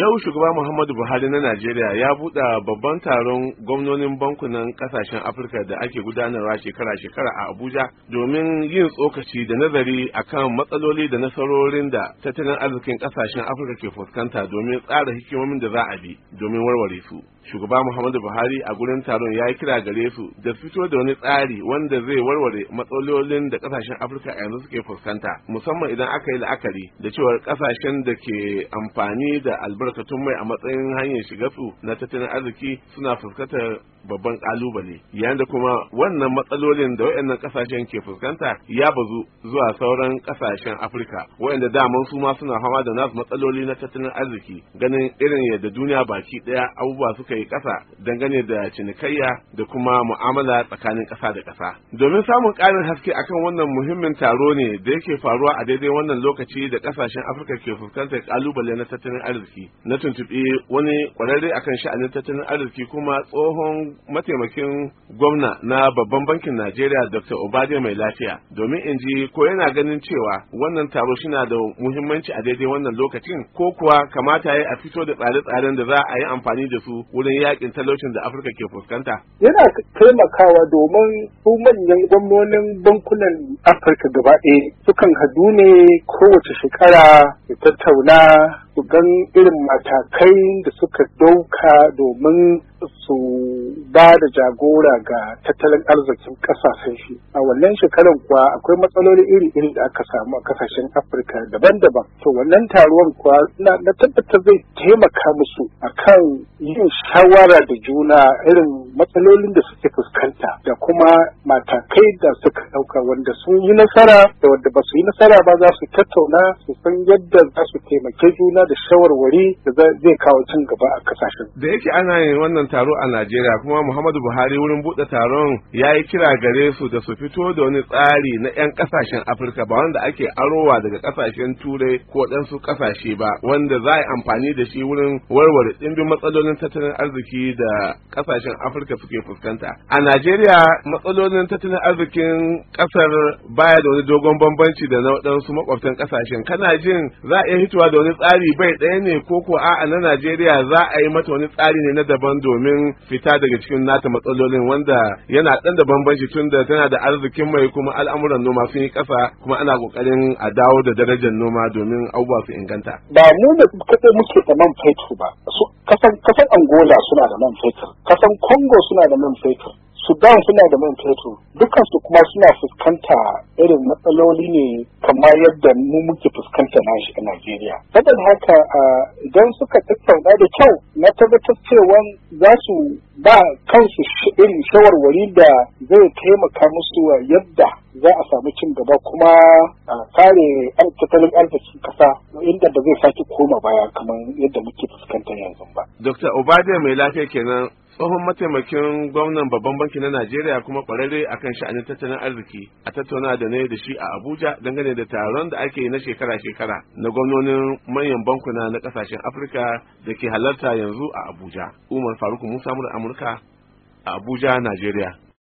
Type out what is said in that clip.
Yau shugaba Muhammadu Buhari na Najeriya ya buɗe babban taron gwamnonin bankunan ƙasashen Afirka da ake gudanarwa shekara-shekara a Abuja domin yin tsokaci da nazari a kan matsaloli da nasarorin da tattalin arzikin ƙasashen Afirka ke fuskanta domin tsara hikimomin da za a bi domin warware su. shugaba muhammadu buhari a gurin taron ya yi kira gare su da fito da wani tsari wanda zai warware matsalolin da kasashen afirka yanzu suke fuskanta musamman idan aka yi la'akari da cewa kasashen da ke amfani da albarkatun mai a matsayin hanyar shiga su na tattalin arziki suna fuskantar babban kalubale yayin da kuma wannan matsalolin da wayannan kasashen ke fuskanta ya bazu zuwa sauran kasashen Afirka wayanda daman su ma suna fama da nasu matsaloli na tattalin arziki ganin irin yadda duniya baki daya abubuwa suka yi kasa dangane da cinikayya da kuma mu'amala tsakanin kasa da kasa domin samun karin haske akan wannan muhimmin taro ne da yake faruwa a daidai wannan lokaci da kasashen Afirka ke fuskantar kalubale na tattalin arziki na tuntuɓi wani kwararre akan sha'anin tattalin arziki kuma tsohon mataimakin gwamna na babban bankin Najeriya Dr. Obade mai lafiya domin in ji ko yana ganin cewa wannan taro shina da muhimmanci a daidai wannan lokacin ko kuwa kamata ya a fito da tsare-tsaren da za a yi amfani da su wurin yakin talaucin da Afirka ke fuskanta. Yana taimakawa domin su manyan gwamnonin bankunan Afirka gaba ɗaya sukan hadu ne kowace shekara ya tattauna su gan irin matakai da suka dauka domin su ba da jagora ga tattalin arzikin kasashen shi a wannan shekaran kuwa akwai matsaloli iri-iri da aka samu a kasashen afirka daban-daban to wannan taruwan kuwa na tabbatar zai taimaka musu akan yin shawara da juna irin matsalolin da suke fuskanta da kuma matakai da suka dauka wanda sun yi nasara da wanda ba su yi nasara ba za su tattauna su san yadda za su taimake juna da shawarwari da zai kawo cin gaba a kasashen. Da yake ana yin wannan taro a Najeriya kuma Muhammadu Buhari wurin buɗe taron ya yi kira gare su da su fito da wani tsari na 'yan kasashen Afirka ba wanda ake arowa daga kasashen Turai ko ɗansu kasashe ba wanda za a yi amfani da shi wurin warware ɗimbin matsalolin tattalin arziki da kasashen Afirka suke fuskanta. A Najeriya matsalolin tattalin arzikin ƙasar baya da wani dogon bambanci da na waɗansu makwabtan kasashen kana jin za a iya hitowa da wani tsari bai ɗaya ne ko ko a'a na Najeriya za a yi mata wani tsari ne na daban domin fita daga cikin nata matsalolin wanda yana ɗan da bambanci tun da tana da arzikin mai kuma al'amuran noma sun yi ƙasa kuma ana ƙoƙarin a dawo da darajar noma domin abubuwa su inganta. Ba mu ne kaɗai muke da man fetur ba. Kasan Angola suna da man fetur, kasan Congo suna da man fetur, Sudan suna da man fetur dukansu kuma suna fuskanta irin matsaloli ne kamar yadda mu muke fuskanta. kankana shi a Najeriya. Saboda haka idan suka tattauna da kyau na tabbatar cewa za su ba kansu irin shawarwari da zai taimaka musu yadda za a samu cin gaba kuma a kare tattalin arzikin kasa inda ba zai sake koma baya kamar yadda muke fuskantar yanzu ba. Dokta Obade mai lafiya kenan tsohon mataimakin gwamnan babban banki na najeriya kuma kwararre akan sha'anin tattalin arziki a tattauna da na yi da shi a abuja dangane da taron da ake yi na shekara-shekara na gwamnonin manyan bankuna na kasashen afirka da ke halarta yanzu a abuja umar faruk musa amurka a abuja najeriya